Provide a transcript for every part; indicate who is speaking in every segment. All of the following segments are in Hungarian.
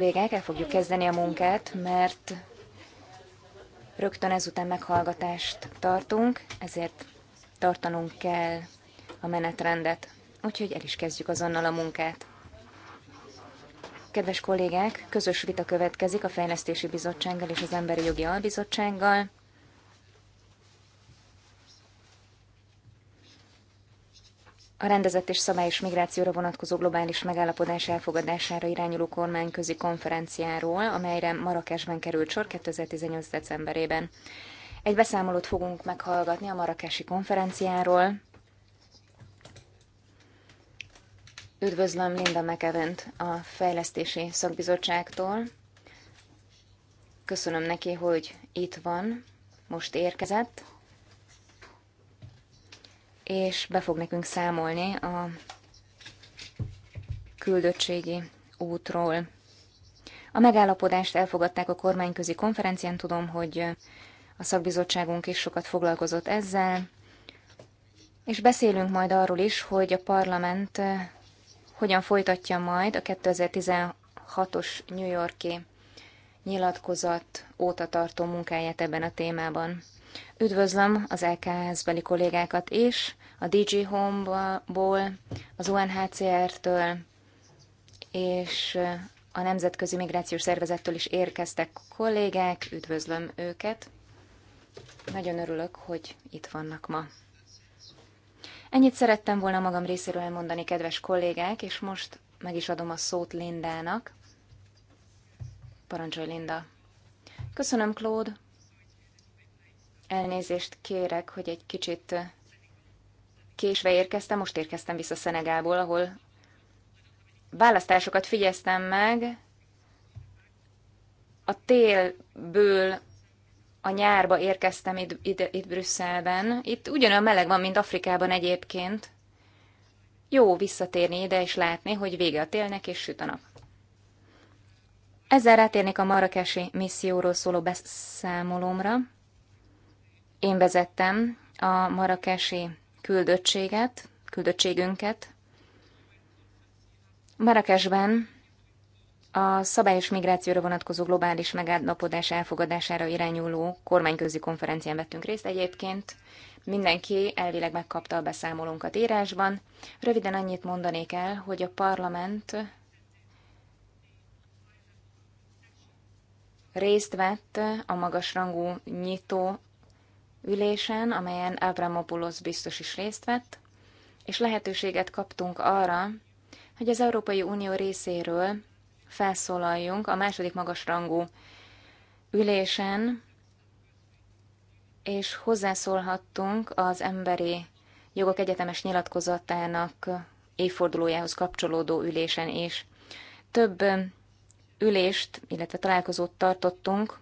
Speaker 1: kollégák, el fogjuk kezdeni a munkát, mert rögtön ezután meghallgatást tartunk, ezért tartanunk kell a menetrendet. Úgyhogy el is kezdjük azonnal a munkát. Kedves kollégák, közös vita következik a Fejlesztési Bizottsággal és az Emberi Jogi Albizottsággal a rendezett és szabályos migrációra vonatkozó globális megállapodás elfogadására irányuló kormányközi konferenciáról, amelyre Marrakesben került sor 2018. decemberében. Egy beszámolót fogunk meghallgatni a marrakesi konferenciáról. Üdvözlöm Linda McEvent a Fejlesztési Szakbizottságtól. Köszönöm neki, hogy itt van, most érkezett és be fog nekünk számolni a küldöttségi útról. A megállapodást elfogadták a kormányközi konferencián, tudom, hogy a szakbizottságunk is sokat foglalkozott ezzel, és beszélünk majd arról is, hogy a parlament eh, hogyan folytatja majd a 2016-os New Yorki nyilatkozat óta tartó munkáját ebben a témában. Üdvözlöm az LKS beli kollégákat is, a DG Home-ból, az UNHCR-től és a Nemzetközi Migrációs Szervezettől is érkeztek kollégák, üdvözlöm őket. Nagyon örülök, hogy itt vannak ma. Ennyit szerettem volna magam részéről elmondani, kedves kollégák, és most meg is adom a szót Lindának. Parancsolj, Linda! Köszönöm, Claude! Elnézést kérek, hogy egy kicsit késve érkeztem, most érkeztem vissza Szenegából, ahol választásokat figyeztem meg. A télből a nyárba érkeztem itt, itt, itt Brüsszelben. Itt ugyanolyan meleg van, mint Afrikában egyébként. Jó visszatérni ide és látni, hogy vége a télnek és süt a nap. Ezzel rátérnék a marrakesi misszióról szóló beszámolómra. Én vezettem a marakesi küldöttséget, küldöttségünket. Marrakesben a szabályos migrációra vonatkozó globális megállapodás elfogadására irányuló kormányközi konferencián vettünk részt egyébként. Mindenki elvileg megkapta a beszámolónkat írásban. Röviden annyit mondanék el, hogy a parlament részt vett a magasrangú nyitó ülésen, amelyen Avramopoulos biztos is részt vett, és lehetőséget kaptunk arra, hogy az Európai Unió részéről felszólaljunk a második magasrangú ülésen, és hozzászólhattunk az emberi jogok egyetemes nyilatkozatának évfordulójához kapcsolódó ülésen is. Több ülést, illetve találkozót tartottunk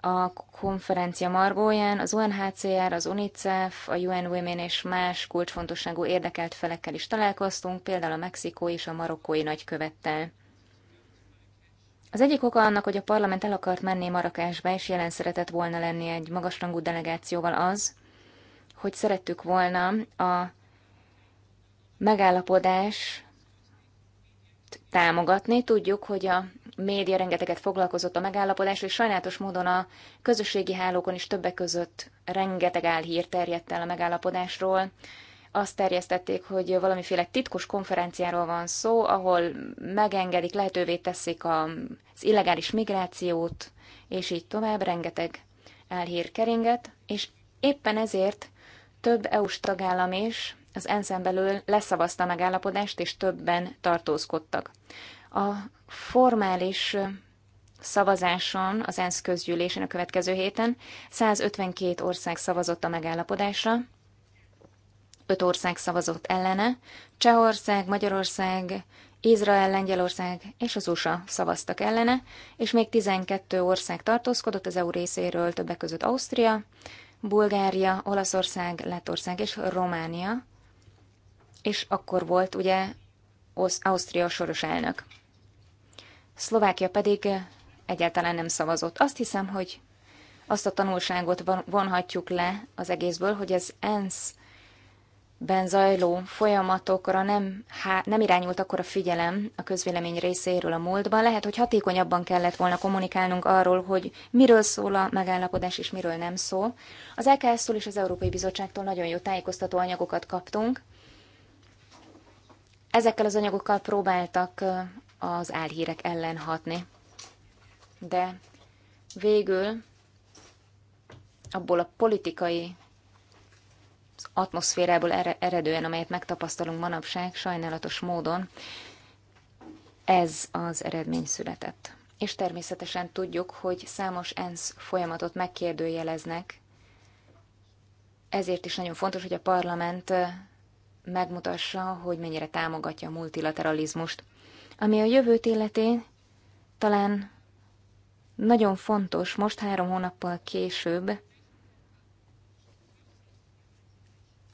Speaker 1: a konferencia margóján az UNHCR, az UNICEF, a UN Women és más kulcsfontosságú érdekelt felekkel is találkoztunk, például a mexikói és a marokkói nagykövettel. Az egyik oka annak, hogy a parlament el akart menni Marakásba, és jelen szeretett volna lenni egy magasrangú delegációval az, hogy szerettük volna a megállapodás támogatni. Tudjuk, hogy a média rengeteget foglalkozott a megállapodás, és sajnálatos módon a közösségi hálókon is többek között rengeteg álhír terjedt el a megállapodásról. Azt terjesztették, hogy valamiféle titkos konferenciáról van szó, ahol megengedik, lehetővé teszik az illegális migrációt, és így tovább rengeteg álhír keringet, és éppen ezért több EU-s tagállam is az ensz belül leszavazta a megállapodást, és többen tartózkodtak. A formális szavazáson az ENSZ közgyűlésén a következő héten 152 ország szavazott a megállapodásra, 5 ország szavazott ellene, Csehország, Magyarország, Izrael, Lengyelország és az USA szavaztak ellene, és még 12 ország tartózkodott az EU részéről, többek között Ausztria, Bulgária, Olaszország, Lettország és Románia, és akkor volt ugye Ausztria soros elnök. Szlovákia pedig egyáltalán nem szavazott. Azt hiszem, hogy azt a tanulságot vonhatjuk le az egészből, hogy az ENSZ-ben zajló folyamatokra nem, há, nem irányult akkor a figyelem a közvélemény részéről a múltban. Lehet, hogy hatékonyabban kellett volna kommunikálnunk arról, hogy miről szól a megállapodás és miről nem szól. Az EKS-től és az Európai Bizottságtól nagyon jó tájékoztató anyagokat kaptunk, Ezekkel az anyagokkal próbáltak az álhírek ellen hatni. De végül abból a politikai atmoszférából eredően, amelyet megtapasztalunk manapság, sajnálatos módon ez az eredmény született. És természetesen tudjuk, hogy számos ENSZ folyamatot megkérdőjeleznek, ezért is nagyon fontos, hogy a parlament megmutassa, hogy mennyire támogatja a multilateralizmust. Ami a jövőt illeti, talán nagyon fontos most három hónappal később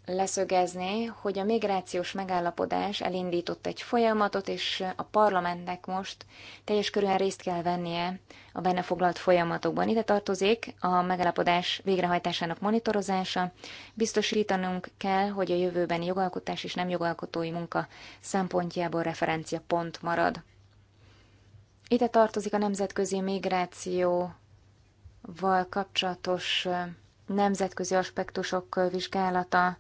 Speaker 1: leszögezni, hogy a migrációs megállapodás elindított egy folyamatot, és a parlamentnek most teljes körűen részt kell vennie a benne foglalt folyamatokban. Ide tartozik a megállapodás végrehajtásának monitorozása. Biztosítanunk kell, hogy a jövőbeni jogalkotás és nem jogalkotói munka szempontjából referencia pont marad. Ide tartozik a nemzetközi migrációval kapcsolatos nemzetközi aspektusok vizsgálata,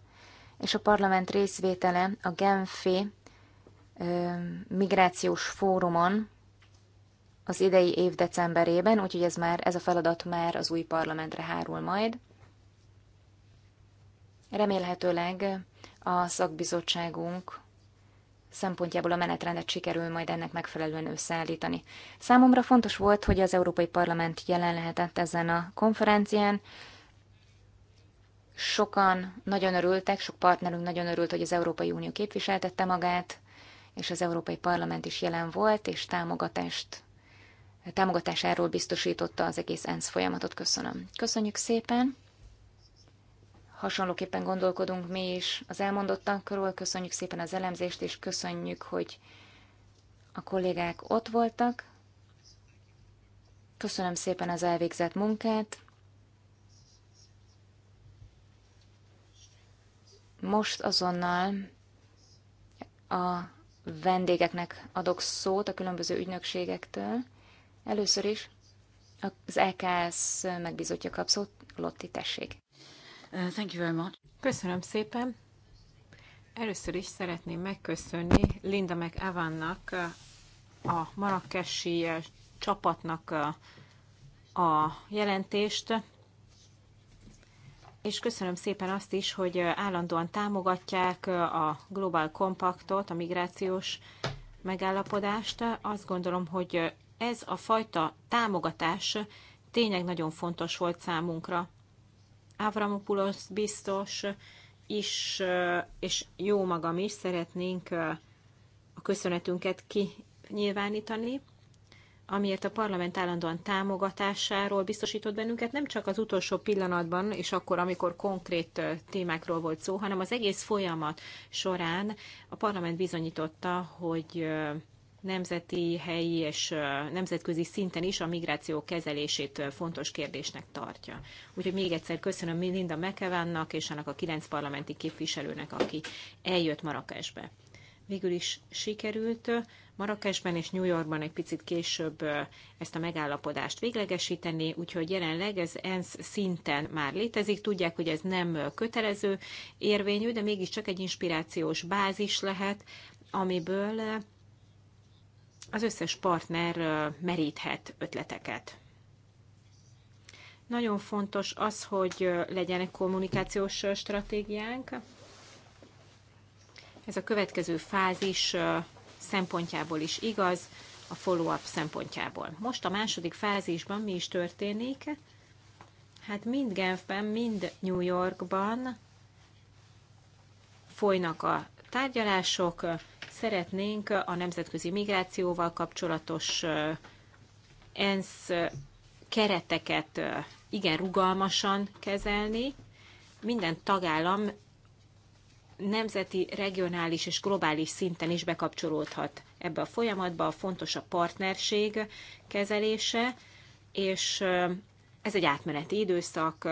Speaker 1: és a parlament részvétele a Genfi migrációs fórumon az idei év decemberében, úgyhogy ez már ez a feladat már az új parlamentre hárul majd. Remélhetőleg a szakbizottságunk szempontjából a menetrendet sikerül majd ennek megfelelően összeállítani. Számomra fontos volt, hogy az Európai Parlament jelen lehetett ezen a konferencián, Sokan nagyon örültek, sok partnerünk nagyon örült, hogy az Európai Unió képviseltette magát, és az Európai Parlament is jelen volt, és támogatást, támogatásáról biztosította az egész ENSZ folyamatot. Köszönöm. Köszönjük szépen! Hasonlóképpen gondolkodunk mi is az elmondottakról, köszönjük szépen az elemzést, és köszönjük, hogy a kollégák ott voltak. Köszönöm szépen az elvégzett munkát. Most azonnal a vendégeknek adok szót a különböző ügynökségektől. Először is az EKS megbízottja kap szót. Lotti, tessék.
Speaker 2: Uh, thank you very much. Köszönöm szépen. Először is szeretném megköszönni Linda meg Evannak, uh, a marakesi uh, csapatnak a jelentést és köszönöm szépen azt is, hogy állandóan támogatják a Global Compactot, a migrációs megállapodást. Azt gondolom, hogy ez a fajta támogatás tényleg nagyon fontos volt számunkra. Avramopoulos biztos is, és jó magam is szeretnénk a köszönetünket kinyilvánítani amiért a parlament állandóan támogatásáról biztosított bennünket, nem csak az utolsó pillanatban, és akkor, amikor konkrét témákról volt szó, hanem az egész folyamat során a parlament bizonyította, hogy nemzeti, helyi és nemzetközi szinten is a migráció kezelését fontos kérdésnek tartja. Úgyhogy még egyszer köszönöm Linda Mekevánnak és annak a kilenc parlamenti képviselőnek, aki eljött Marakesbe végül is sikerült Marrakesben és New Yorkban egy picit később ezt a megállapodást véglegesíteni, úgyhogy jelenleg ez ENSZ szinten már létezik. Tudják, hogy ez nem kötelező érvényű, de mégiscsak egy inspirációs bázis lehet, amiből az összes partner meríthet ötleteket. Nagyon fontos az, hogy legyen egy kommunikációs stratégiánk, ez a következő fázis szempontjából is igaz, a follow-up szempontjából. Most a második fázisban mi is történik? Hát mind Genfben, mind New Yorkban folynak a tárgyalások. Szeretnénk a nemzetközi migrációval kapcsolatos ENSZ kereteket igen rugalmasan kezelni. Minden tagállam nemzeti, regionális és globális szinten is bekapcsolódhat ebbe a folyamatba. Fontos a partnerség kezelése, és ez egy átmeneti időszak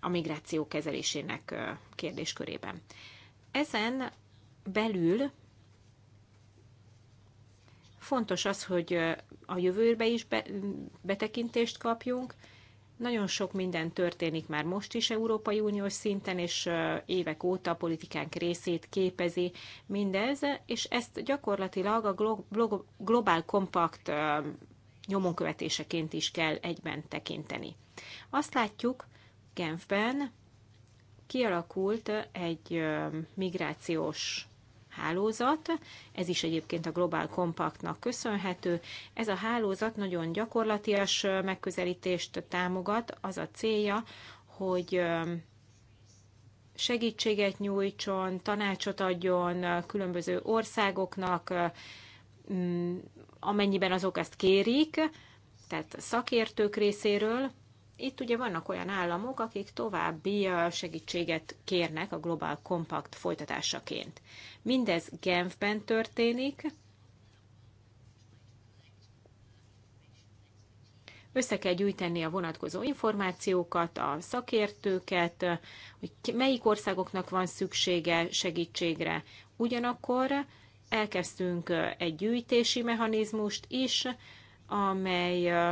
Speaker 2: a migráció kezelésének kérdéskörében. Ezen belül fontos az, hogy a jövőbe is betekintést kapjunk, nagyon sok minden történik már most is Európai Uniós szinten, és évek óta a politikánk részét képezi mindez, és ezt gyakorlatilag a Global Compact nyomonkövetéseként is kell egyben tekinteni. Azt látjuk, Genfben kialakult egy migrációs hálózat, ez is egyébként a Global Compactnak köszönhető. Ez a hálózat nagyon gyakorlatias megközelítést támogat, az a célja, hogy segítséget nyújtson, tanácsot adjon különböző országoknak, amennyiben azok ezt kérik, tehát szakértők részéről, itt ugye vannak olyan államok, akik további segítséget kérnek a Global Compact folytatásaként. Mindez Genfben történik. Össze kell gyűjteni a vonatkozó információkat, a szakértőket, hogy melyik országoknak van szüksége segítségre. Ugyanakkor elkezdtünk egy gyűjtési mechanizmust is, amely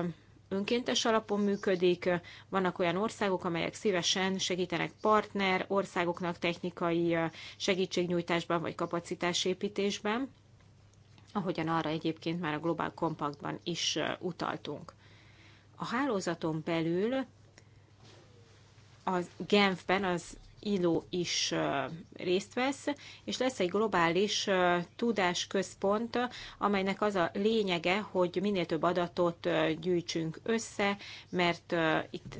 Speaker 2: önkéntes alapon működik, vannak olyan országok, amelyek szívesen segítenek partner országoknak technikai segítségnyújtásban vagy kapacitásépítésben, ahogyan arra egyébként már a Global Compactban is utaltunk. A hálózaton belül a Genfben, az ILO is részt vesz, és lesz egy globális tudásközpont, amelynek az a lényege, hogy minél több adatot gyűjtsünk össze, mert itt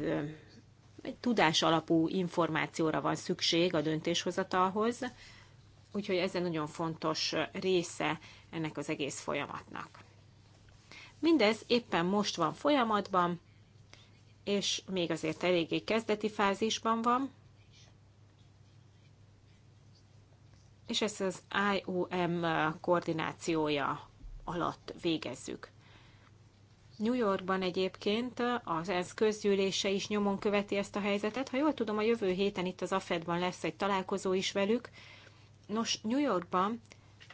Speaker 2: egy tudás alapú információra van szükség a döntéshozatalhoz, úgyhogy ez egy nagyon fontos része ennek az egész folyamatnak. Mindez éppen most van folyamatban, és még azért eléggé kezdeti fázisban van, és ezt az IOM koordinációja alatt végezzük. New Yorkban egyébként az ENSZ közgyűlése is nyomon követi ezt a helyzetet. Ha jól tudom, a jövő héten itt az AFED-ban lesz egy találkozó is velük. Nos, New Yorkban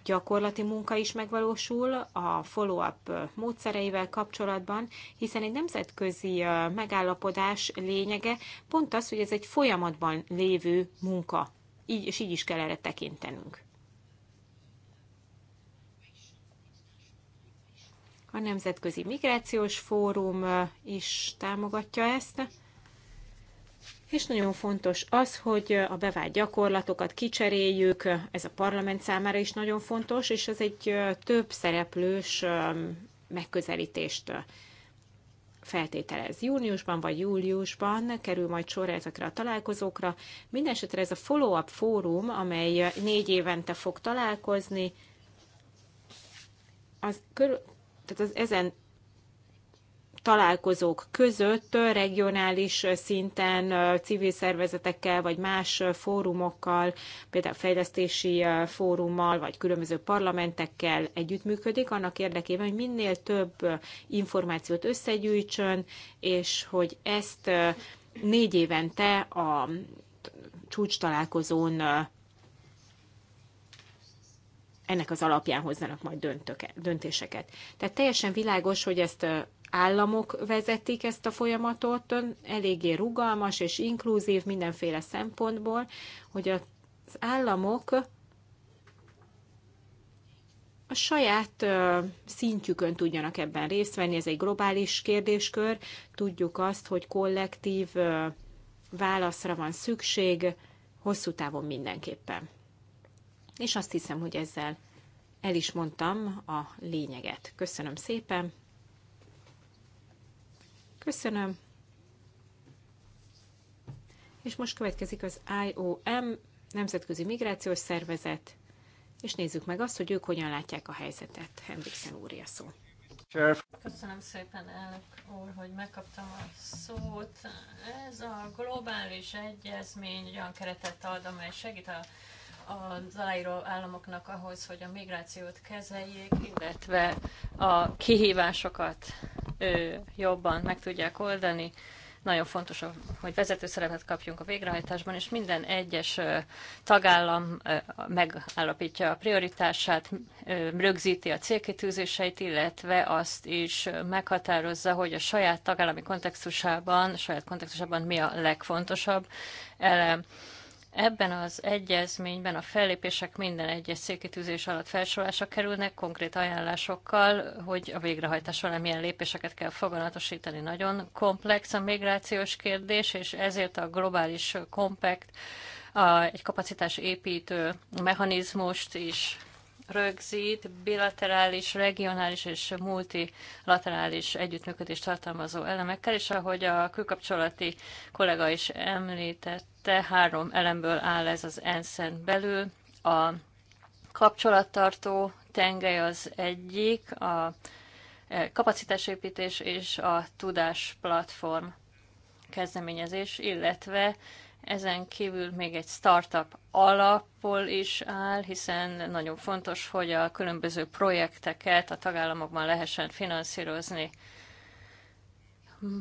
Speaker 2: gyakorlati munka is megvalósul a follow-up módszereivel kapcsolatban, hiszen egy nemzetközi megállapodás lényege pont az, hogy ez egy folyamatban lévő munka így és így is kell erre tekintenünk. A Nemzetközi Migrációs Fórum is támogatja ezt, és nagyon fontos az, hogy a bevált gyakorlatokat kicseréljük, ez a parlament számára is nagyon fontos, és ez egy több szereplős megközelítést feltételez. Júniusban vagy júliusban kerül majd sor ezekre a találkozókra. Mindenesetre ez a follow-up fórum, amely négy évente fog találkozni, az körül, tehát az ezen találkozók között regionális szinten civil szervezetekkel, vagy más fórumokkal, például fejlesztési fórummal, vagy különböző parlamentekkel együttműködik, annak érdekében, hogy minél több információt összegyűjtsön, és hogy ezt négy évente a csúcs találkozón ennek az alapján hozzanak majd döntöke, döntéseket. Tehát teljesen világos, hogy ezt államok vezetik ezt a folyamatot, eléggé rugalmas és inkluzív mindenféle szempontból, hogy az államok a saját szintjükön tudjanak ebben részt venni. Ez egy globális kérdéskör. Tudjuk azt, hogy kollektív válaszra van szükség hosszú távon mindenképpen. És azt hiszem, hogy ezzel el is mondtam a lényeget. Köszönöm szépen! Köszönöm. És most következik az IOM, Nemzetközi Migrációs Szervezet, és nézzük meg azt, hogy ők hogyan látják a helyzetet. Hendriksen úr szó.
Speaker 3: Köszönöm szépen, elnök úr, hogy megkaptam a szót. Ez a globális egyezmény olyan keretet ad, amely segít a az aláíró államoknak ahhoz, hogy a migrációt kezeljék, illetve a kihívásokat jobban meg tudják oldani. Nagyon fontos, hogy vezető szerepet kapjunk a végrehajtásban, és minden egyes tagállam megállapítja a prioritását, rögzíti a célkitűzéseit, illetve azt is meghatározza, hogy a saját tagállami kontextusában, a saját kontextusában mi a legfontosabb elem Ebben az egyezményben a fellépések minden egyes székitűzés alatt felsorolásra kerülnek, konkrét ajánlásokkal, hogy a végrehajtás során milyen lépéseket kell foganatosítani. Nagyon komplex a migrációs kérdés, és ezért a globális kompakt egy kapacitás építő mechanizmust is rögzít, bilaterális, regionális és multilaterális együttműködést tartalmazó elemekkel, és ahogy a külkapcsolati kollega is említett, te három elemből áll ez az enszen belül. A kapcsolattartó tengely az egyik, a e, kapacitásépítés és a tudás platform kezdeményezés, illetve ezen kívül még egy startup alapból is áll, hiszen nagyon fontos, hogy a különböző projekteket a tagállamokban lehessen finanszírozni.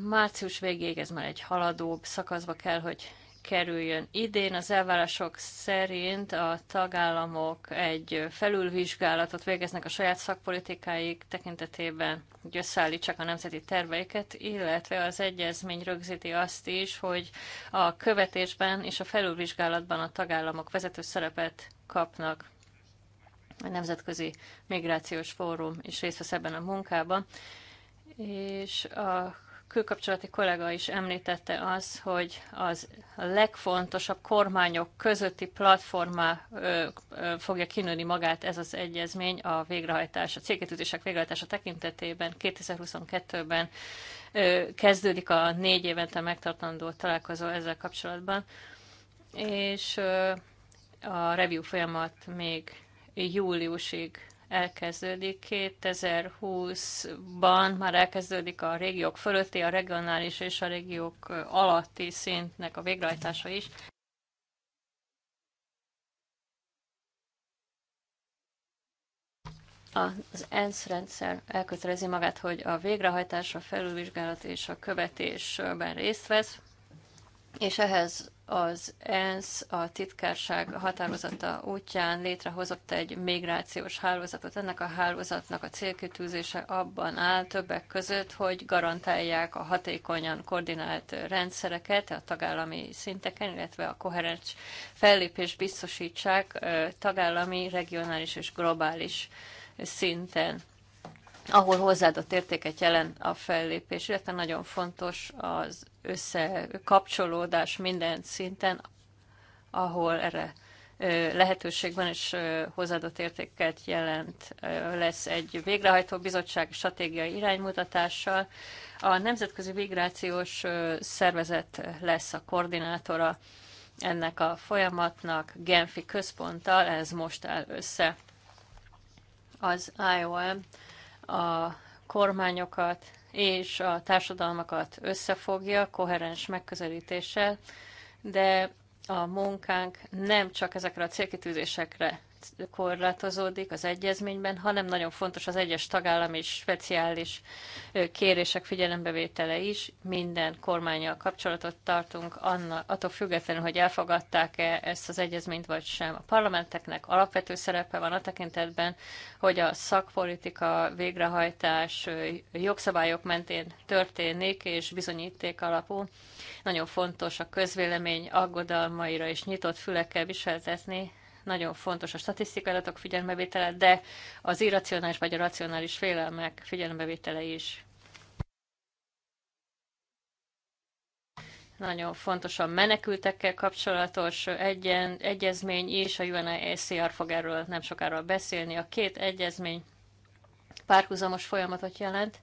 Speaker 3: Március végéig ez már egy haladóbb szakaszba kell, hogy kerüljön idén. Az elvárások szerint a tagállamok egy felülvizsgálatot végeznek a saját szakpolitikáik tekintetében, hogy összeállítsák a nemzeti terveiket, illetve az egyezmény rögzíti azt is, hogy a követésben és a felülvizsgálatban a tagállamok vezető szerepet kapnak. A Nemzetközi Migrációs Fórum is részt vesz ebben a munkában és a külkapcsolati kollega is említette az, hogy az a legfontosabb kormányok közötti platformá fogja kinőni magát ez az egyezmény a végrehajtása, cégkétűzések végrehajtása tekintetében 2022-ben ö, kezdődik a négy évente megtartandó találkozó ezzel kapcsolatban, és ö, a review folyamat még júliusig elkezdődik. 2020-ban már elkezdődik a régiók fölötti, a regionális és a régiók alatti szintnek a végrehajtása is. Az ENSZ rendszer elkötelezi magát, hogy a végrehajtás, a felülvizsgálat és a követésben részt vesz, és ehhez az ENSZ a titkárság határozata útján létrehozott egy migrációs hálózatot. Ennek a hálózatnak a célkitűzése abban áll többek között, hogy garantálják a hatékonyan koordinált rendszereket a tagállami szinteken, illetve a koherens fellépés biztosítsák tagállami, regionális és globális szinten ahol hozzáadott értéket jelent a fellépés, illetve nagyon fontos az összekapcsolódás minden szinten, ahol erre lehetőség van, és hozzáadott értéket jelent. Lesz egy végrehajtó bizottság stratégiai iránymutatással. A Nemzetközi Migrációs Szervezet lesz a koordinátora ennek a folyamatnak, Genfi központtal, ez most áll össze. Az IOM a kormányokat és a társadalmakat összefogja koherens megközelítéssel, de a munkánk nem csak ezekre a célkitűzésekre korlátozódik az egyezményben, hanem nagyon fontos az egyes tagállami speciális kérések figyelembevétele is. Minden kormányjal kapcsolatot tartunk, anna, attól függetlenül, hogy elfogadták-e ezt az egyezményt vagy sem. A parlamenteknek alapvető szerepe van a tekintetben, hogy a szakpolitika végrehajtás jogszabályok mentén történik, és bizonyíték alapú. Nagyon fontos a közvélemény aggodalmaira és nyitott fülekkel viseltetni, nagyon fontos a statisztikai adatok figyelmevétele, de az irracionális vagy a racionális félelmek figyelmevétele is. Nagyon fontos a menekültekkel kapcsolatos egyen, egyezmény és a UNICR fog erről nem sokára beszélni. A két egyezmény párhuzamos folyamatot jelent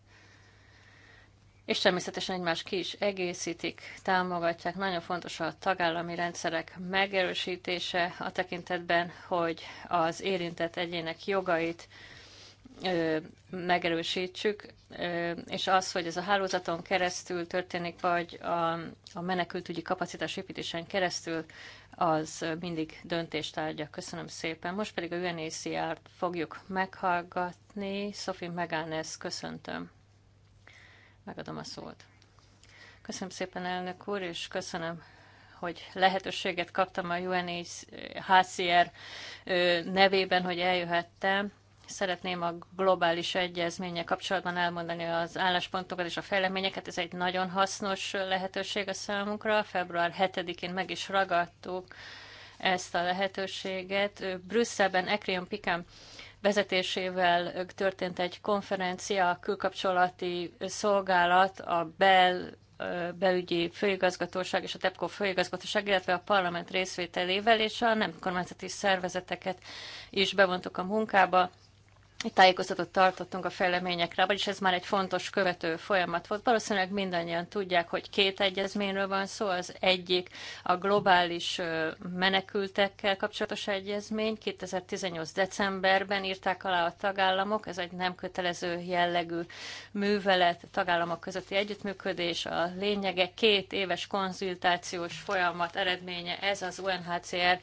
Speaker 3: és természetesen egymást ki is egészítik, támogatják. Nagyon fontos a tagállami rendszerek megerősítése a tekintetben, hogy az érintett egyének jogait ö, megerősítsük, ö, és az, hogy ez a hálózaton keresztül történik, vagy a, a menekültügyi kapacitás építésen keresztül, az mindig döntéstárgya. Köszönöm szépen. Most pedig a UNHCR-t fogjuk meghallgatni. Sophie Megánes, köszöntöm. Megadom a szót. Köszönöm szépen, elnök úr, és köszönöm hogy lehetőséget kaptam a UNHCR nevében, hogy eljöhettem. Szeretném a globális egyezménye kapcsolatban elmondani az álláspontokat és a fejleményeket. Ez egy nagyon hasznos lehetőség a számunkra. Február 7-én meg is ragadtuk ezt a lehetőséget. Brüsszelben Ekrion Pikám vezetésével történt egy konferencia, a külkapcsolati szolgálat, a bel belügyi főigazgatóság és a TEPCO főigazgatóság, illetve a parlament részvételével és a nem kormányzati szervezeteket is bevontuk a munkába egy tájékoztatót tartottunk a fejleményekre, vagyis ez már egy fontos követő folyamat volt. Valószínűleg mindannyian tudják, hogy két egyezményről van szó. Az egyik a globális menekültekkel kapcsolatos egyezmény. 2018. decemberben írták alá a tagállamok. Ez egy nem kötelező jellegű művelet, tagállamok közötti együttműködés. A lényege két éves konzultációs folyamat eredménye. Ez az UNHCR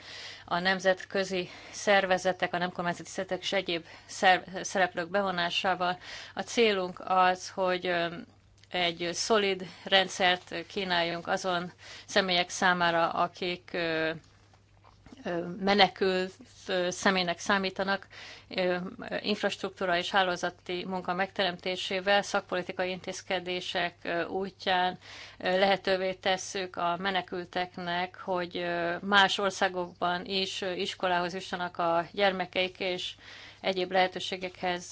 Speaker 3: a nemzetközi szervezetek, a nem kormányzati szervezetek és egyéb szervezetek szereplők bevonásával. A célunk az, hogy egy szolid rendszert kínáljunk azon személyek számára, akik menekült személynek számítanak, infrastruktúra és hálózati munka megteremtésével, szakpolitikai intézkedések útján lehetővé tesszük a menekülteknek, hogy más országokban is iskolához jussanak a gyermekeik, és egyéb lehetőségekhez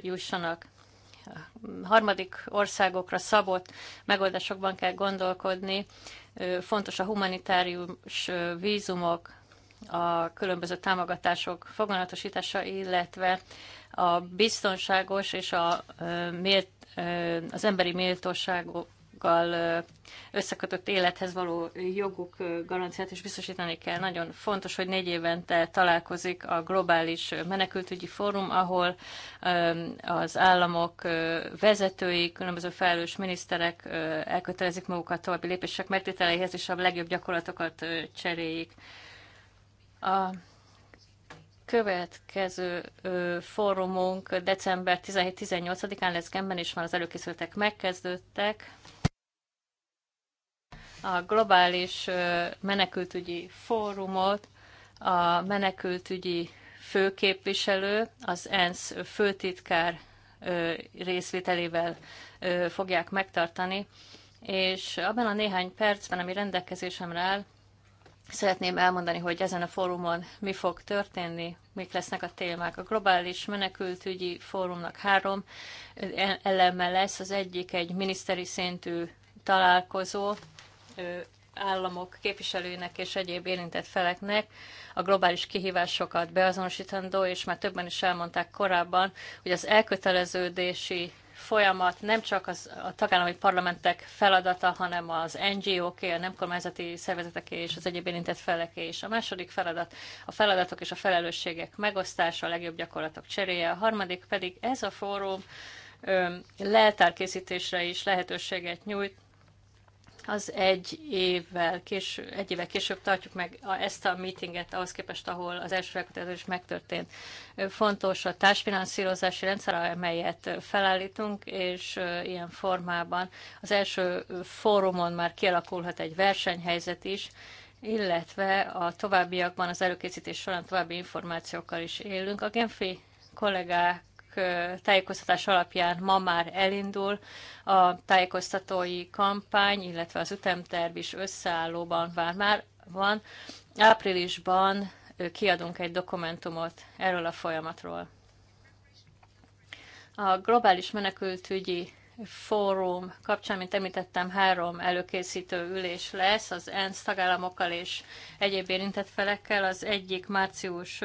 Speaker 3: jussanak. A harmadik országokra szabott megoldásokban kell gondolkodni. Fontos a humanitárius vízumok, a különböző támogatások foganatosítása, illetve a biztonságos és a, az emberi méltóságok jogokkal összekötött élethez való joguk garanciát is biztosítani kell. Nagyon fontos, hogy négy évente találkozik a globális menekültügyi fórum, ahol az államok vezetői, különböző felelős miniszterek elkötelezik magukat további lépések megtételeihez, és a legjobb gyakorlatokat cseréljék. A következő fórumunk december 17-18-án lesz Genben, és már az előkészületek megkezdődtek a globális menekültügyi fórumot a menekültügyi főképviselő, az ENSZ főtitkár részvételével fogják megtartani, és abban a néhány percben, ami rendelkezésemre áll, Szeretném elmondani, hogy ezen a fórumon mi fog történni, mik lesznek a témák. A globális menekültügyi fórumnak három e-, eleme lesz. Az egyik egy miniszteri szintű találkozó, államok képviselőinek és egyéb érintett feleknek a globális kihívásokat beazonosítandó, és már többen is elmondták korábban, hogy az elköteleződési folyamat nem csak az, a tagállami parlamentek feladata, hanem az NGO-ké, a nem kormányzati szervezeteké és az egyéb érintett feleké is. A második feladat a feladatok és a felelősségek megosztása, a legjobb gyakorlatok cseréje. A harmadik pedig ez a fórum leltárkészítésre is lehetőséget nyújt, az egy évvel, később, egy évvel később tartjuk meg ezt a meetinget ahhoz képest, ahol az első felkutatás megtörtént. Fontos a társfinanszírozási rendszer, amelyet felállítunk, és ilyen formában az első fórumon már kialakulhat egy versenyhelyzet is, illetve a továbbiakban az előkészítés során további információkkal is élünk. A Genfi kollégák tájékoztatás alapján ma már elindul a tájékoztatói kampány, illetve az ütemterv is összeállóban vár már van. Áprilisban kiadunk egy dokumentumot erről a folyamatról. A globális menekültügyi Fórum kapcsán, mint említettem, három előkészítő ülés lesz az ENSZ tagállamokkal és egyéb érintett felekkel. Az egyik március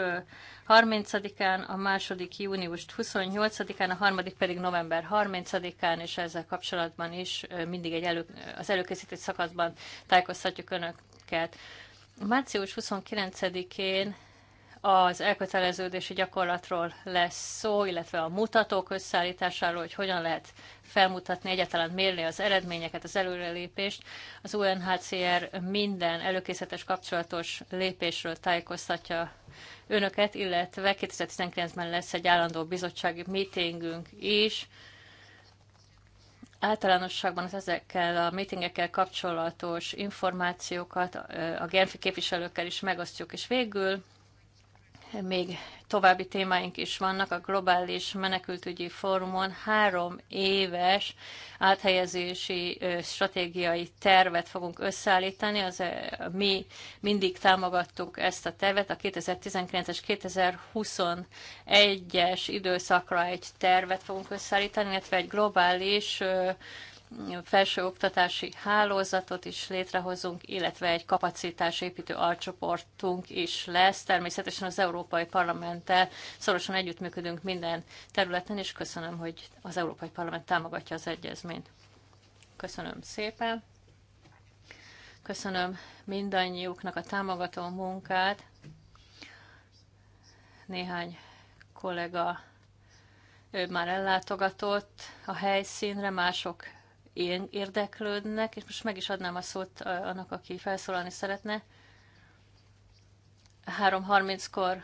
Speaker 3: 30-án, a második június 28-án, a harmadik pedig november 30-án, és ezzel kapcsolatban is mindig egy elő, az előkészítő szakaszban tájékoztatjuk önöket. Március 29-én az elköteleződési gyakorlatról lesz szó, illetve a mutatók összeállításáról, hogy hogyan lehet felmutatni, egyáltalán mérni az eredményeket, az előrelépést. Az UNHCR minden előkészítés kapcsolatos lépésről tájékoztatja önöket, illetve 2019-ben lesz egy állandó bizottsági meetingünk is, Általánosságban az ezekkel a meetingekkel kapcsolatos információkat a Genfi képviselőkkel is megosztjuk, és végül még további témáink is vannak. A globális menekültügyi fórumon három éves áthelyezési stratégiai tervet fogunk összeállítani. Az, mi mindig támogattuk ezt a tervet. A 2019-es 2021-es időszakra egy tervet fogunk összeállítani, illetve egy globális felsőoktatási hálózatot is létrehozunk, illetve egy kapacitásépítő alcsoportunk is lesz. Természetesen az Európai Parlamenttel szorosan együttműködünk minden területen, és köszönöm, hogy az Európai Parlament támogatja az egyezményt. Köszönöm szépen. Köszönöm mindannyiuknak a támogató munkát. Néhány kollega ő már ellátogatott a helyszínre, mások én érdeklődnek, és most meg is adnám a szót annak, aki felszólalni szeretne. 3.30-kor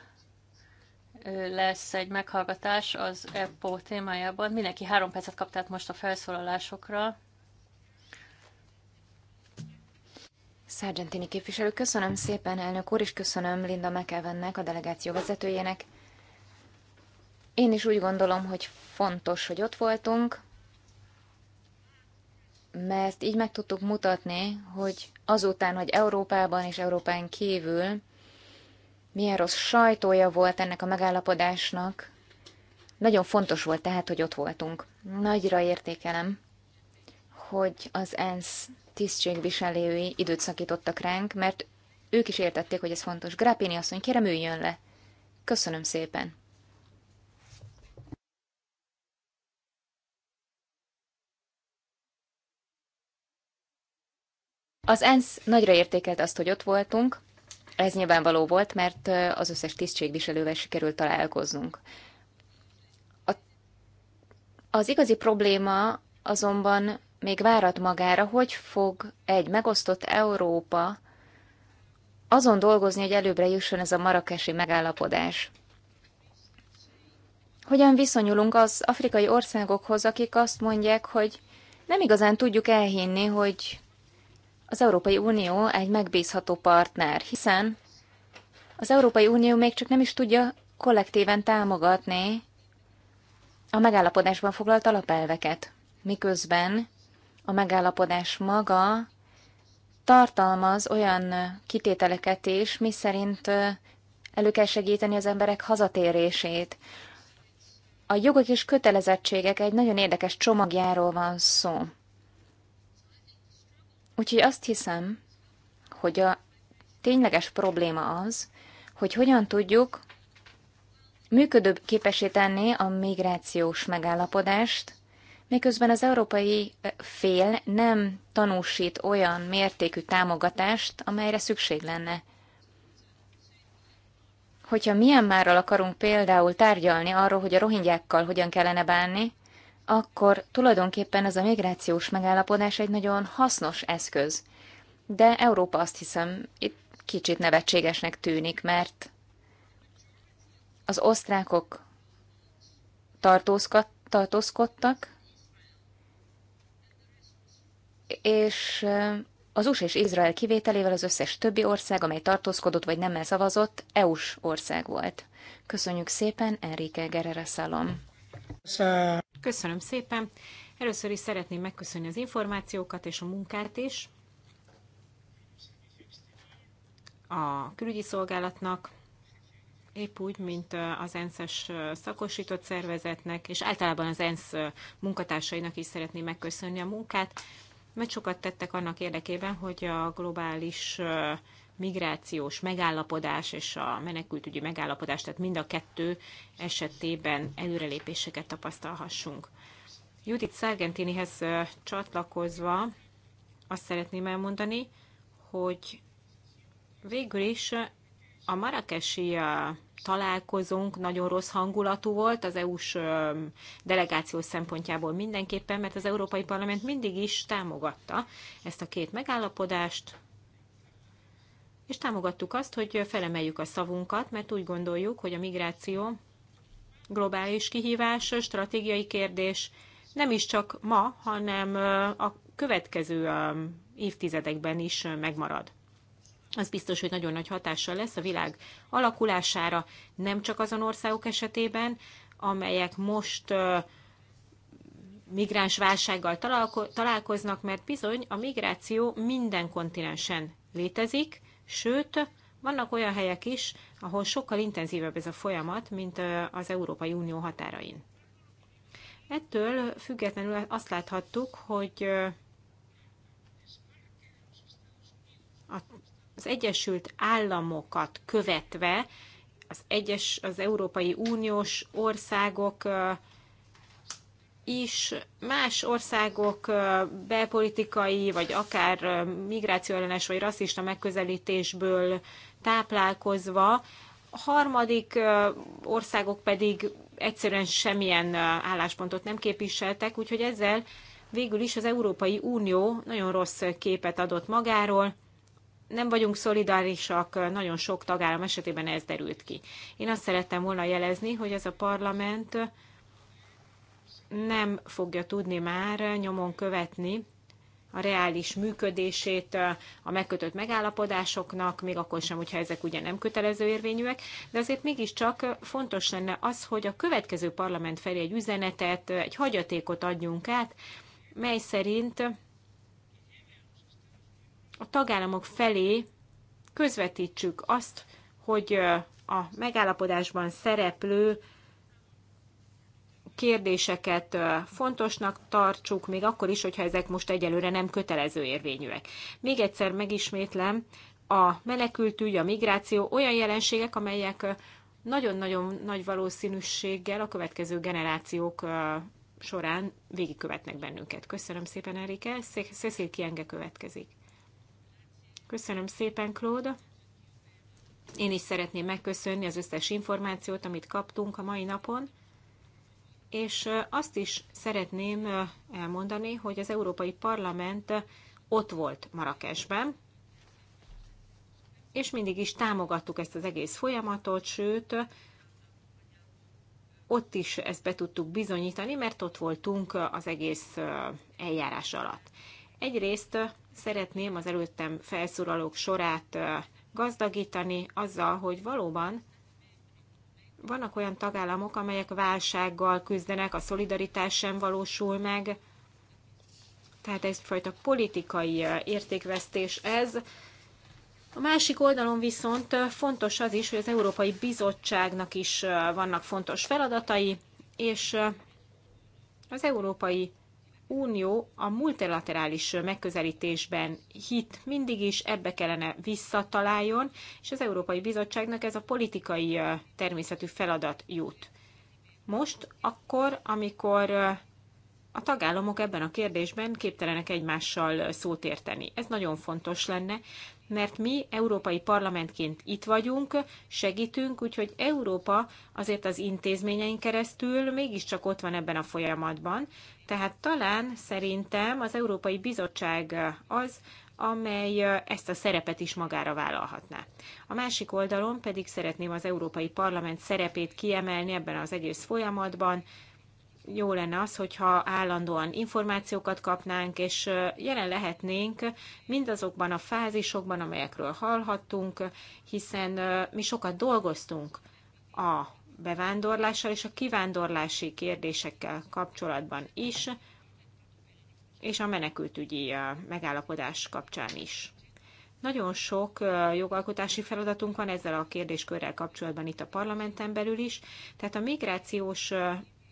Speaker 3: lesz egy meghallgatás az EPO témájában. Mindenki három percet kap, tehát most a felszólalásokra.
Speaker 1: Sargentini képviselő, köszönöm szépen, elnök úr, és köszönöm Linda McEvennek, a delegáció vezetőjének. Én is úgy gondolom, hogy fontos, hogy ott voltunk mert így meg tudtuk mutatni, hogy azután, hogy Európában és Európán kívül milyen rossz sajtója volt ennek a megállapodásnak, nagyon fontos volt tehát, hogy ott voltunk. Nagyra értékelem, hogy az ENSZ tisztségviselői időt szakítottak ránk, mert ők is értették, hogy ez fontos. Grápini asszony, kérem üljön le. Köszönöm szépen. Az ENSZ nagyra értékelt azt, hogy ott voltunk, ez nyilvánvaló volt, mert az összes tisztségviselővel sikerült találkoznunk. A, az igazi probléma azonban még várat magára, hogy fog egy megosztott Európa azon dolgozni, hogy előbbre jusson ez a marakesi megállapodás. Hogyan viszonyulunk az afrikai országokhoz, akik azt mondják, hogy nem igazán tudjuk elhinni, hogy az Európai Unió egy megbízható partner, hiszen az Európai Unió még csak nem is tudja kollektíven támogatni a megállapodásban foglalt alapelveket, miközben a megállapodás maga tartalmaz olyan kitételeket is, mi szerint elő kell segíteni az emberek hazatérését. A jogok és kötelezettségek egy nagyon érdekes csomagjáról van szó. Úgyhogy azt hiszem, hogy a tényleges probléma az, hogy hogyan tudjuk működőbb képesé tenni a migrációs megállapodást, miközben az európai fél nem tanúsít olyan mértékű támogatást, amelyre szükség lenne. Hogyha milyen márral akarunk például tárgyalni arról, hogy a rohingyákkal hogyan kellene bánni, akkor tulajdonképpen ez a migrációs megállapodás egy nagyon hasznos eszköz. De Európa azt hiszem itt kicsit nevetségesnek tűnik, mert az osztrákok tartózkodtak, és eh, az USA és Izrael kivételével az összes többi ország, amely tartózkodott vagy nem szavazott, EU-s ország volt. Köszönjük szépen, Enrique Guerrero Salom.
Speaker 2: Köszönöm szépen. Először is szeretném megköszönni az információkat és a munkát is a külügyi szolgálatnak, épp úgy, mint az ENSZ-es szakosított szervezetnek, és általában az ENSZ munkatársainak is szeretném megköszönni a munkát, mert sokat tettek annak érdekében, hogy a globális migrációs megállapodás és a menekültügyi megállapodás, tehát mind a kettő esetében előrelépéseket tapasztalhassunk. Judith Sargentinihez csatlakozva azt szeretném elmondani, hogy végül is a marakesi találkozónk nagyon rossz hangulatú volt az EU-s delegáció szempontjából mindenképpen, mert az Európai Parlament mindig is támogatta ezt a két megállapodást, és támogattuk azt, hogy felemeljük a szavunkat, mert úgy gondoljuk, hogy a migráció globális kihívás, stratégiai kérdés nem is csak ma, hanem a következő évtizedekben is megmarad. Az biztos, hogy nagyon nagy hatással lesz a világ alakulására, nem csak azon országok esetében, amelyek most migráns válsággal találkoznak, mert bizony a migráció minden kontinensen létezik, Sőt, vannak olyan helyek is, ahol sokkal intenzívebb ez a folyamat, mint az Európai Unió határain. Ettől függetlenül azt láthattuk, hogy az Egyesült Államokat követve az, egyes, az Európai Uniós országok is más országok belpolitikai, vagy akár migrációellenes, vagy rasszista megközelítésből táplálkozva, harmadik országok pedig egyszerűen semmilyen álláspontot nem képviseltek, úgyhogy ezzel végül is az Európai Unió nagyon rossz képet adott magáról, nem vagyunk szolidárisak, nagyon sok tagállam esetében ez derült ki. Én azt szerettem volna jelezni, hogy ez a parlament nem fogja tudni már nyomon követni a reális működését a megkötött megállapodásoknak, még akkor sem, hogyha ezek ugye nem kötelező érvényűek, de azért mégiscsak fontos lenne az, hogy a következő parlament felé egy üzenetet, egy hagyatékot adjunk át, mely szerint a tagállamok felé közvetítsük azt, hogy a megállapodásban szereplő kérdéseket fontosnak tartsuk, még akkor is, hogyha ezek most egyelőre nem kötelező érvényűek. Még egyszer megismétlem, a menekültügy, a migráció olyan jelenségek, amelyek nagyon-nagyon nagy valószínűséggel a következő generációk során végigkövetnek bennünket. Köszönöm szépen, Erike. Cecil Kienge következik. Köszönöm szépen, Claude. Én is szeretném megköszönni az összes információt, amit kaptunk a mai napon és azt is szeretném elmondani, hogy az Európai Parlament ott volt Marrakesben, és mindig is támogattuk ezt az egész folyamatot, sőt, ott is ezt be tudtuk bizonyítani, mert ott voltunk az egész eljárás alatt. Egyrészt szeretném az előttem felszólalók sorát gazdagítani azzal, hogy valóban vannak olyan tagállamok, amelyek válsággal küzdenek, a szolidaritás sem valósul meg, tehát egyfajta politikai értékvesztés ez. A másik oldalon viszont fontos az is, hogy az Európai Bizottságnak is vannak fontos feladatai, és az Európai Unió a multilaterális megközelítésben hit mindig is, ebbe kellene visszataláljon, és az Európai Bizottságnak ez a politikai természetű feladat jut. Most akkor, amikor a tagállamok ebben a kérdésben képtelenek egymással szót érteni. Ez nagyon fontos lenne, mert mi európai parlamentként itt vagyunk, segítünk, úgyhogy Európa azért az intézményeink keresztül mégiscsak ott van ebben a folyamatban. Tehát talán szerintem az Európai Bizottság az, amely ezt a szerepet is magára vállalhatná. A másik oldalon pedig szeretném az Európai Parlament szerepét kiemelni ebben az egész folyamatban, jó lenne az, hogyha állandóan információkat kapnánk, és jelen lehetnénk mindazokban a fázisokban, amelyekről hallhattunk, hiszen mi sokat dolgoztunk a bevándorlással és a kivándorlási kérdésekkel kapcsolatban is, és a menekültügyi megállapodás kapcsán is. Nagyon sok jogalkotási feladatunk van ezzel a kérdéskörrel kapcsolatban itt a parlamenten belül is, tehát a migrációs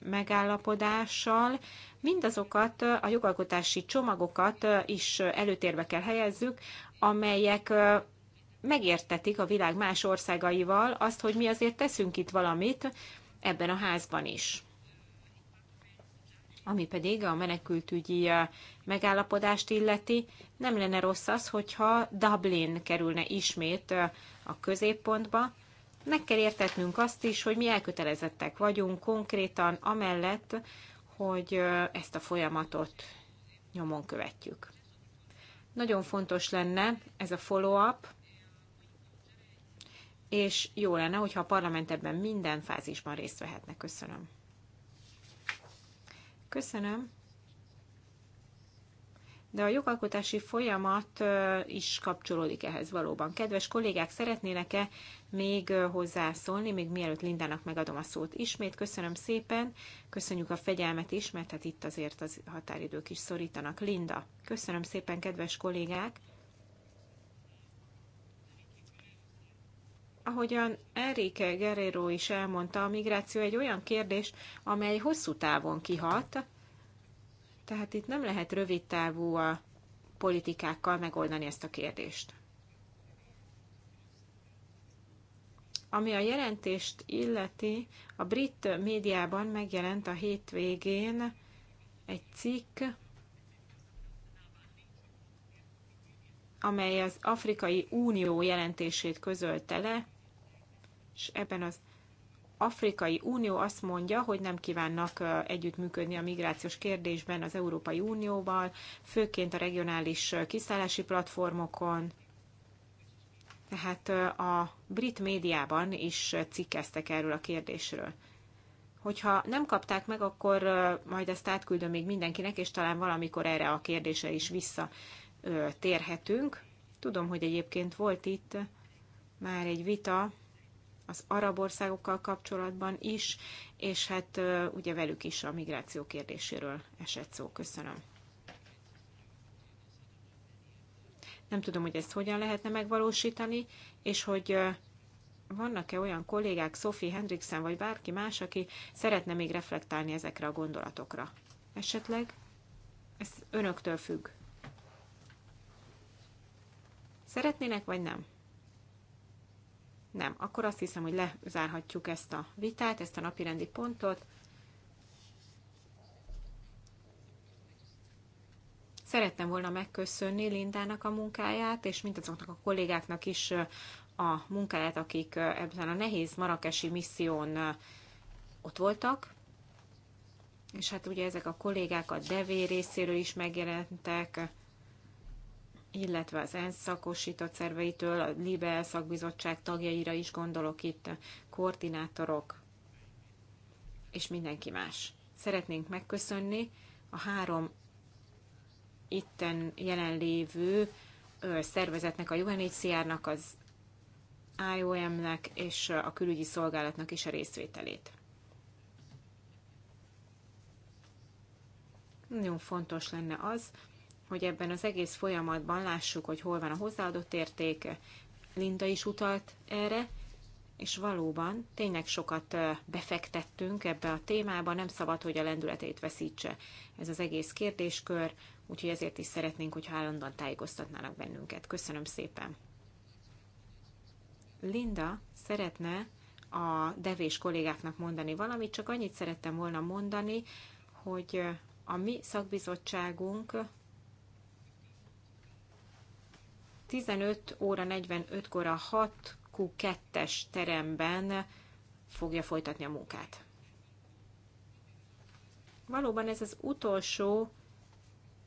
Speaker 2: megállapodással mindazokat a jogalkotási csomagokat is előtérbe kell helyezzük, amelyek megértetik a világ más országaival azt, hogy mi azért teszünk itt valamit ebben a házban is. Ami pedig a menekültügyi megállapodást illeti, nem lenne rossz az, hogyha Dublin kerülne ismét a középpontba, meg kell értetnünk azt is, hogy mi elkötelezettek vagyunk konkrétan amellett, hogy ezt a folyamatot nyomon követjük. Nagyon fontos lenne ez a follow-up, és jó lenne, hogyha a parlament ebben minden fázisban részt vehetne. Köszönöm. Köszönöm de a jogalkotási folyamat is kapcsolódik ehhez valóban. Kedves kollégák, szeretnének-e még hozzászólni, még mielőtt Lindának megadom a szót ismét? Köszönöm szépen, köszönjük a fegyelmet is, mert hát itt azért az határidők is szorítanak. Linda, köszönöm szépen, kedves kollégák! ahogyan Enrique Guerrero is elmondta, a migráció egy olyan kérdés, amely hosszú távon kihat, tehát itt nem lehet rövid távú a politikákkal megoldani ezt a kérdést. Ami a jelentést illeti, a brit médiában megjelent a hétvégén egy cikk, amely az Afrikai Unió jelentését közölte le, és ebben az Afrikai Unió azt mondja, hogy nem kívánnak együttműködni a migrációs kérdésben az Európai Unióval, főként a regionális kiszállási platformokon. Tehát a brit médiában is cikkeztek erről a kérdésről. Hogyha nem kapták meg, akkor majd ezt átküldöm még mindenkinek, és talán valamikor erre a kérdése is visszatérhetünk. Tudom, hogy egyébként volt itt már egy vita az arab országokkal kapcsolatban is, és hát ugye velük is a migráció kérdéséről esett szó. Köszönöm. Nem tudom, hogy ezt hogyan lehetne megvalósítani, és hogy vannak-e olyan kollégák, Sophie Hendrickson vagy bárki más, aki szeretne még reflektálni ezekre a gondolatokra? Esetleg ez önöktől függ. Szeretnének, vagy nem? Nem. Akkor azt hiszem, hogy lezárhatjuk ezt a vitát, ezt a napirendi pontot. Szerettem volna megköszönni Lindának a munkáját, és mindazoknak a kollégáknak is a munkáját, akik ebben a nehéz marakesi misszión ott voltak. És hát ugye ezek a kollégák a devé részéről is megjelentek, illetve az ENSZ szakosított szerveitől, a LIBEL szakbizottság tagjaira is gondolok itt, koordinátorok és mindenki más. Szeretnénk megköszönni a három itten jelenlévő szervezetnek, a UNHCR-nak, az IOM-nek és a külügyi szolgálatnak is a részvételét. Nagyon fontos lenne az, hogy ebben az egész folyamatban lássuk, hogy hol van a hozzáadott érték. Linda is utalt erre, és valóban tényleg sokat befektettünk ebbe a témába, nem szabad, hogy a lendületét veszítse ez az egész kérdéskör, úgyhogy ezért is szeretnénk, hogy állandóan tájékoztatnának bennünket. Köszönöm szépen! Linda szeretne a devés kollégáknak mondani valamit, csak annyit szerettem volna mondani, hogy a mi szakbizottságunk 15 óra 45 óra 6Q2-es teremben fogja folytatni a munkát. Valóban ez az utolsó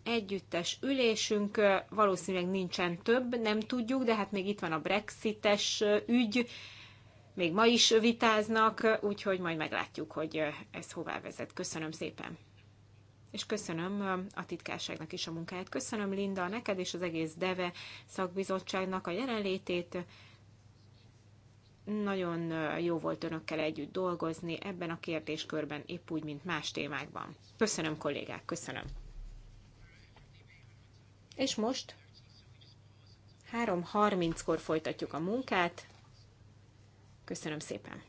Speaker 2: együttes ülésünk, valószínűleg nincsen több, nem tudjuk, de hát még itt van a brexites ügy, még ma is vitáznak, úgyhogy majd meglátjuk, hogy ez hová vezet. Köszönöm szépen! és köszönöm a titkárságnak is a munkáját. Köszönöm Linda, neked és az egész DEVE szakbizottságnak a jelenlétét. Nagyon jó volt önökkel együtt dolgozni ebben a kérdéskörben, épp úgy, mint más témákban. Köszönöm kollégák, köszönöm. És most 3.30-kor folytatjuk a munkát. Köszönöm szépen!